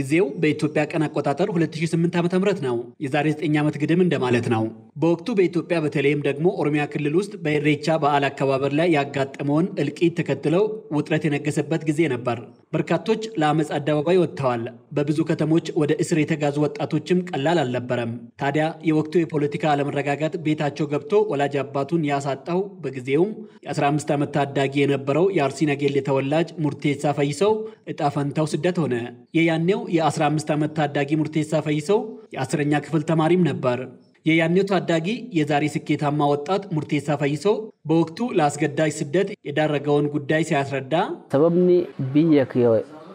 ጊዜው በኢትዮጵያ ቀን አቆጣጠር 2008 ዓ.ም ነው። የዛሬ 9 ዓመት ግድም እንደማለት ነው። በወቅቱ በኢትዮጵያ በተለይም ደግሞ ኦሮሚያ ክልል ውስጥ በኢሬቻ በዓል አከባበር ላይ ያጋጠመውን እልቂት ተከትለው ውጥረት የነገሰበት ጊዜ ነበር። በርካቶች ለአመፅ አደባባይ ወጥተዋል። በብዙ ከተሞች ወደ እስር የተጋዙ ወጣቶችም ቀላል አልነበረም። ታዲያ የወቅቱ የፖለቲካ አለመረጋጋት ቤታቸው ገብቶ ወላጅ አባቱን ያሳጣው በጊዜውም የ15 ዓመት ታዳጊ የነበረው የአርሲ ነገሌ ተወላጅ ሙርቴሳ ፈይሰው እጣ ፈንታው ስደት ሆነ። የያኔው የ15 ዓመት ታዳጊ ሙርቴሳ ፈይሰው የአስረኛ ክፍል ተማሪም ነበር። የያኔው ታዳጊ የዛሬ ስኬታማ ወጣት ሙርቴሳ ፈይሶ በወቅቱ ለአስገዳጅ ስደት የዳረገውን ጉዳይ ሲያስረዳ ሰበብኒ ብየ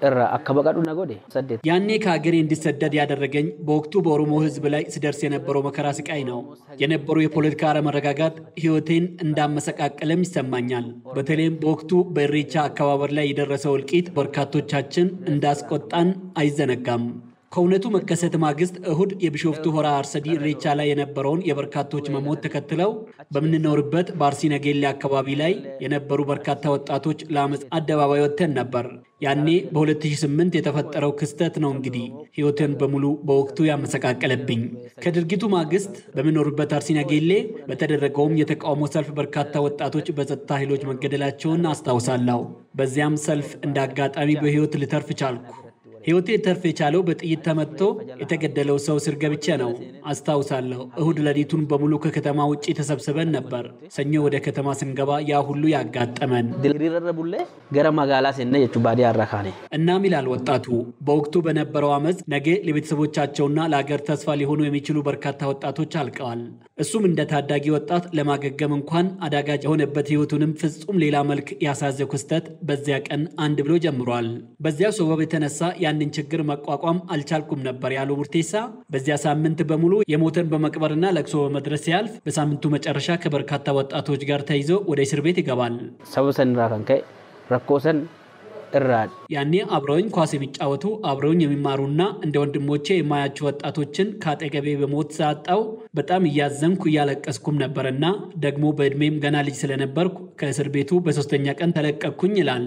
እራ አካበቃዱ ነጎዴ ሰደት ያኔ ከሀገሬ እንዲሰደድ ያደረገኝ በወቅቱ በኦሮሞ ሕዝብ ላይ ስደርስ የነበረው መከራ ስቃይ ነው። የነበሩ የፖለቲካ አለመረጋጋት ሕይወቴን እንዳመሰቃቀለም ይሰማኛል። በተለይም በወቅቱ በእሬቻ አከባበር ላይ የደረሰው እልቂት በርካቶቻችን እንዳስቆጣን አይዘነጋም። ከእውነቱ መከሰት ማግስት እሁድ የቢሾፍቱ ሆራ አርሰዲ ሬቻ ላይ የነበረውን የበርካቶች መሞት ተከትለው በምንኖርበት በአርሲ ነገሌ አካባቢ ላይ የነበሩ በርካታ ወጣቶች ለአመፅ አደባባይ ወጥተን ነበር። ያኔ በ2008 የተፈጠረው ክስተት ነው እንግዲህ ህይወትን በሙሉ በወቅቱ ያመሰቃቀለብኝ። ከድርጊቱ ማግስት በምኖርበት አርሲ ነገሌ በተደረገውም የተቃውሞ ሰልፍ በርካታ ወጣቶች በጸጥታ ኃይሎች መገደላቸውን አስታውሳለሁ። በዚያም ሰልፍ እንደ አጋጣሚ በህይወት ልተርፍ ቻልኩ። ሕይወቴ ተርፍ የቻለው በጥይት ተመትቶ የተገደለው ሰው ስር ገብቼ ነው። አስታውሳለሁ። እሁድ ለሊቱን በሙሉ ከከተማ ውጭ ተሰብስበን ነበር። ሰኞ ወደ ከተማ ስንገባ ያ ሁሉ ያጋጠመን። እናም ይላል ወጣቱ፣ በወቅቱ በነበረው አመፅ ነገ ለቤተሰቦቻቸውና ለአገር ተስፋ ሊሆኑ የሚችሉ በርካታ ወጣቶች አልቀዋል። እሱም እንደ ታዳጊ ወጣት ለማገገም እንኳን አዳጋጅ የሆነበት ህይወቱንም ፍጹም ሌላ መልክ ያሳዘ ክስተት በዚያ ቀን አንድ ብሎ ጀምሯል። በዚያ ሰበብ የተነሳ ያንን ችግር መቋቋም አልቻልኩም ነበር ያለው ቡርቴሳ በዚያ ሳምንት በሙሉ የሞተን በመቅበርና ለቅሶ በመድረስ ሲያልፍ በሳምንቱ መጨረሻ ከበርካታ ወጣቶች ጋር ተይዞ ወደ እስር ቤት ይገባል። ሰቡሰን ራከንከ ረኮሰን እራል ያኔ አብረውኝ ኳስ የሚጫወቱ አብረውኝ የሚማሩና እንደ ወንድሞቼ የማያቸው ወጣቶችን ከአጠገቤ በሞት ሳጣው በጣም እያዘንኩ እያለቀስኩም ነበርና ደግሞ በእድሜም ገና ልጅ ስለነበርኩ ከእስር ቤቱ በሶስተኛ ቀን ተለቀቅኩኝ ይላል።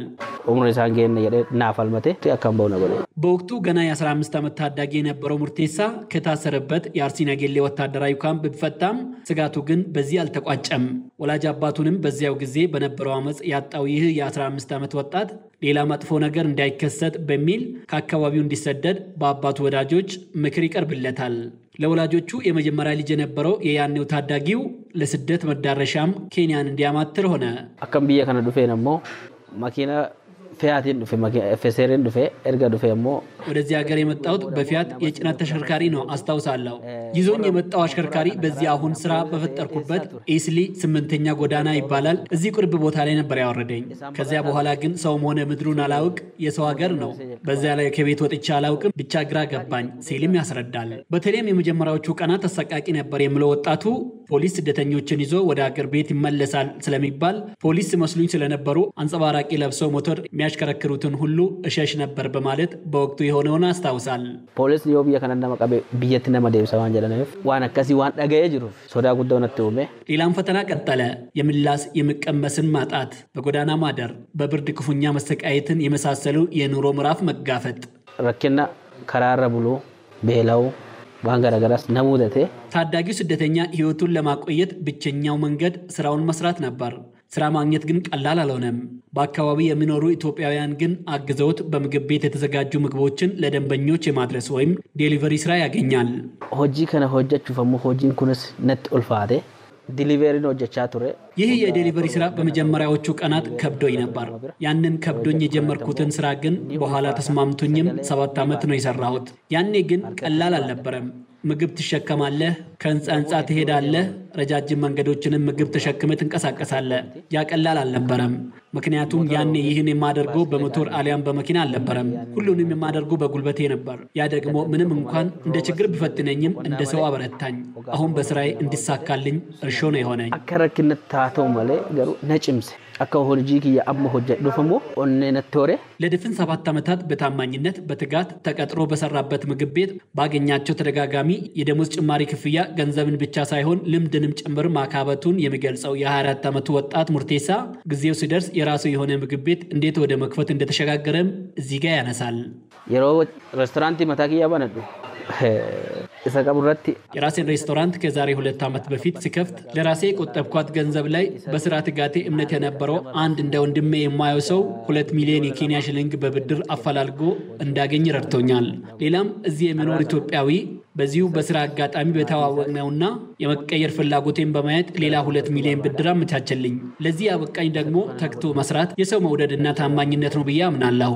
በወቅቱ ገና የ15 ዓመት ታዳጊ የነበረው ሙርቴሳ ከታሰረበት የአርሲ ነገሌ ወታደራዊ ካምፕ ቢፈታም ስጋቱ ግን በዚህ አልተቋጨም። ወላጅ አባቱንም በዚያው ጊዜ በነበረው ዓመፅ ያጣው ይህ የ15 ዓመት ወጣት ሌላ መጥፎ ነገር እንዳይከሰት በሚል ከአካባቢው እንዲሰደድ በአባቱ ወዳጆች ምክር ይቀርብለታል። ለወላጆቹ የመጀመሪያ ልጅ የነበረው የያኔው ታዳጊው ለስደት መዳረሻም ኬንያን እንዲያማትር ሆነ። አከም ብዬ ከነ ዱፌን ሞ መኪና ፊያትን ፌሴሬን ዱፌ እርገ ዱፌ ሞ ወደዚህ ሀገር የመጣሁት በፊያት የጭነት ተሽከርካሪ ነው አስታውሳለሁ። ይዞኝ የመጣው አሽከርካሪ በዚህ አሁን ስራ በፈጠርኩበት ኤስሊ ስምንተኛ ጎዳና ይባላል። እዚህ ቁርብ ቦታ ላይ ነበር ያወረደኝ። ከዚያ በኋላ ግን ሰውም ሆነ ምድሩን አላውቅ፣ የሰው ሀገር ነው። በዚያ ላይ ከቤት ወጥቼ አላውቅም፣ ብቻ ግራ ገባኝ ሲልም ያስረዳል። በተለይም የመጀመሪያዎቹ ቀናት አሰቃቂ ነበር የምለው ወጣቱ ፖሊስ ስደተኞችን ይዞ ወደ አገር ቤት ይመለሳል ስለሚባል ፖሊስ መስሉኝ ስለነበሩ አንጸባራቂ ለብሰው ሞተር የሚያሽከረክሩትን ሁሉ እሸሽ ነበር በማለት በወቅቱ የሆነውን አስታውሳል። ፖሊስ ዮ ብየ ከነነ መቀ ብየት ነመ ደብሰማን ጀለነፍ ዋን አከሲ ዋን ደገየ ጅሩ ሶዳ ጉዳው ነት ውሜ ሌላም ፈተና ቀጠለ። የምላስ የምቀመስን ማጣት፣ በጎዳና ማደር፣ በብርድ ክፉኛ መሰቃየትን የመሳሰሉ የኑሮ ምዕራፍ መጋፈጥ ረኪና ከራረ ብሎ ቤላው ታዳጊው ስደተኛ ህይወቱን ለማቆየት ብቸኛው መንገድ ስራውን መስራት ነበር። ስራ ማግኘት ግን ቀላል አልሆነም። በአካባቢ የሚኖሩ ኢትዮጵያውያን ግን አግዘውት በምግብ ቤት የተዘጋጁ ምግቦችን ለደንበኞች የማድረስ ወይም ዴሊቨሪ ስራ ያገኛል። ሆጂ ከነ ሆጃችሁ ፈሙ ሆጂን ኩንስ ነት ኡልፋቴ ነው ጀቻ ቱረ ይህ የዴሊቨሪ ስራ በመጀመሪያዎቹ ቀናት ከብዶኝ ነበር። ያንን ከብዶኝ የጀመርኩትን ስራ ግን በኋላ ተስማምቶኝም ሰባት ዓመት ነው የሰራሁት። ያኔ ግን ቀላል አልነበረም። ምግብ ትሸከማለህ፣ ከህንፃ ህንፃ ትሄዳለህ፣ ረጃጅም መንገዶችንም ምግብ ተሸክመ ትንቀሳቀሳለህ። ያቀላል አልነበረም። ምክንያቱም ያኔ ይህን የማደርገው በሞቶር አሊያም በመኪና አልነበረም። ሁሉንም የማደርገው በጉልበቴ ነበር። ያ ደግሞ ምንም እንኳን እንደ ችግር ቢፈትነኝም እንደ ሰው አበረታኝ። አሁን በስራዬ እንዲሳካልኝ እርሾ ነው የሆነኝ። አከረክነት ታተው መለ ገሩ ነጭምሴ አካ ሆልጂ ኪያ አብ ሆጀዱ ፈሞ ኦኔነቶሬ ለድፍን ሰባት ዓመታት በታማኝነት በትጋት ተቀጥሮ በሰራበት ምግብ ቤት ባገኛቸው ተደጋጋሚ የደሞዝ ጭማሪ ክፍያ ገንዘብን ብቻ ሳይሆን ልምድንም ጭምር ማካበቱን የሚገልጸው የ24 ዓመቱ ወጣት ሙርቴሳ ጊዜው ሲደርስ የራሱ የሆነ ምግብ ቤት እንዴት ወደ መክፈት እንደተሸጋገረም እዚህ ጋር ያነሳል። yeroo restoraantii mataa kiyyaa banadhu isa irratti የራሴን ሬስቶራንት ከዛሬ ሁለት ዓመት በፊት ስከፍት ለራሴ የቆጠብኳት ገንዘብ ላይ በስራ ትጋቴ እምነት የነበረው አንድ እንደ ወንድሜ የማየው ሰው ሁለት ሚሊዮን የኬንያ ሽልንግ በብድር አፈላልጎ እንዳገኝ ረድቶኛል። ሌላም እዚህ የሚኖር ኢትዮጵያዊ በዚሁ በስራ አጋጣሚ በተዋወቅነውና የመቀየር ፍላጎቴን በማየት ሌላ ሁለት ሚሊዮን ብድር አመቻቸልኝ። ለዚህ አበቃኝ ደግሞ ተግቶ መስራት፣ የሰው መውደድና ታማኝነት ነው ብዬ አምናለሁ።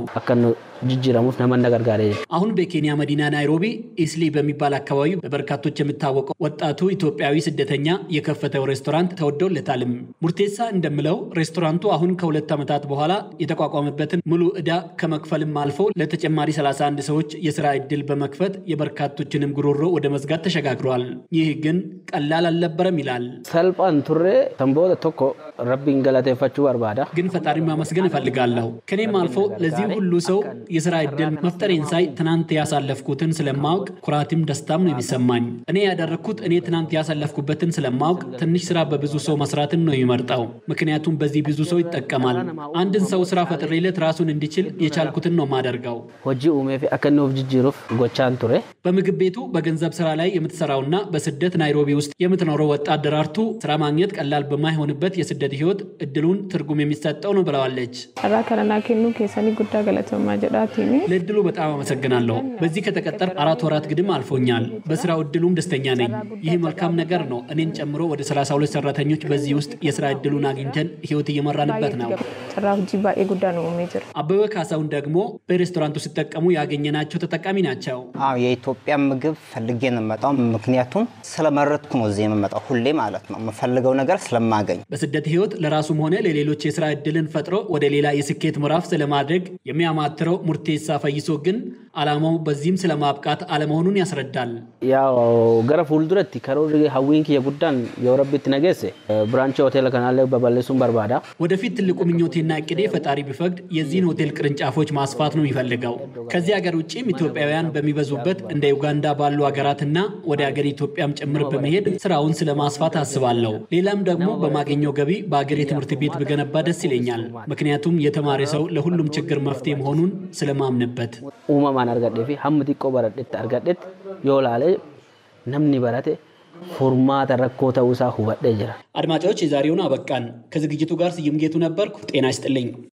ጅጅረሙፍ ነመነገር ጋር አሁን በኬንያ መዲና ናይሮቢ ኢስሊ በሚባል አካባቢ በበርካቶች የሚታወቀው ወጣቱ ኢትዮጵያዊ ስደተኛ የከፈተው ሬስቶራንት ተወዶለታልም። ሙርቴሳ እንደምለው ሬስቶራንቱ አሁን ከሁለት ዓመታት በኋላ የተቋቋመበትን ሙሉ ዕዳ ከመክፈልም አልፎ ለተጨማሪ 31 ሰዎች የስራ ዕድል በመክፈት የበርካቶችንም ጉሮሮ ወደ መዝጋት ተሸጋግሯል። ይህ ግን ቀላል አልነበረም ይላል። ሰልጳን ቱሬ ተንቦ ተኮ ረቢን ገለቴፈችው በርባዳ ግን ፈጣሪ ማመስገን እፈልጋለሁ። ከኔም አልፎ ለዚህ ሁሉ ሰው የስራ እድል መፍጠሬን ሳይ ትናንት ያሳለፍኩትን ስለማወቅ ኩራትም ደስታም ነው የሚሰማኝ። እኔ ያደረግኩት እኔ ትናንት ያሳለፍኩበትን ስለማወቅ ትንሽ ስራ በብዙ ሰው መስራትን ነው የሚመርጠው። ምክንያቱም በዚህ ብዙ ሰው ይጠቀማል። አንድን ሰው ስራ ፈጥሬለት ራሱን እንዲችል የቻልኩትን ነው ማደርገው። ሆጂ ሜፊ አከነ ጅጅሩፍ ጎቻን ቱሬ በምግብ ቤቱ በገንዘብ ስራ ላይ የምትሰራውና በስደት ናይሮቢ ውስጥ የምትኖረው ወጣት ደራርቱ ስራ ማግኘት ቀላል በማይሆንበት የስደት የስደት ህይወት እድሉን ትርጉም የሚሰጠው ነው ብለዋለች። ለእድሉ በጣም አመሰግናለሁ። በዚህ ከተቀጠር አራት ወራት ግድም አልፎኛል። በስራው እድሉም ደስተኛ ነኝ። ይህ መልካም ነገር ነው። እኔን ጨምሮ ወደ 32 ሰራተኞች በዚህ ውስጥ የስራ እድሉን አግኝተን ህይወት እየመራንበት ነው። አበበ ካሳውን ደግሞ በሬስቶራንቱ ሲጠቀሙ ያገኘናቸው ተጠቃሚ ናቸው። የኢትዮጵያ ምግብ ፈልጌ ነው የምመጣው። ምክንያቱም ስለመረጥኩ ነው እዚህ የምመጣው ሁሌ ማለት ነው የምፈልገው ነገር ስለማገኝ በስደት ህይወት ለራሱም ሆነ ለሌሎች የስራ እድልን ፈጥሮ ወደ ሌላ የስኬት ምዕራፍ ስለማድረግ የሚያማትረው ሙርቴሳ ፈይሶ ግን አላማው በዚህም ስለማብቃት አለመሆኑን ያስረዳል። ያው ገረ ፉልዱረቲ ከሮር ሀዊንክ የጉዳን የወረቢት ነገስ ብራንች ሆቴል ከናለ በበለሱን በርባዳ ወደፊት ትልቁ ምኞቴና እቅዴ ፈጣሪ ቢፈቅድ የዚህን ሆቴል ቅርንጫፎች ማስፋት ነው የሚፈልገው። ከዚህ ሀገር ውጭም ኢትዮጵያውያን በሚበዙበት እንደ ዩጋንዳ ባሉ ሀገራትና ወደ ሀገር ኢትዮጵያም ጭምር በመሄድ ስራውን ስለማስፋት አስባለሁ። ሌላም ደግሞ በማገኘው ገቢ በሀገር የትምህርት ቤት ብገነባ ደስ ይለኛል። ምክንያቱም የተማረ ሰው ለሁሉም ችግር መፍትሄ መሆኑን ስለማምንበት argadhee fi hamma xiqqoo baradheti argadheti yoo laalee namni barate furmaata rakkoo ta'uusaa hubadhee jira. admaacha yoo cezaalii onuu abakqaan kazgijitu gaarsi yiimgeetu nabbarkuuf xeenaa is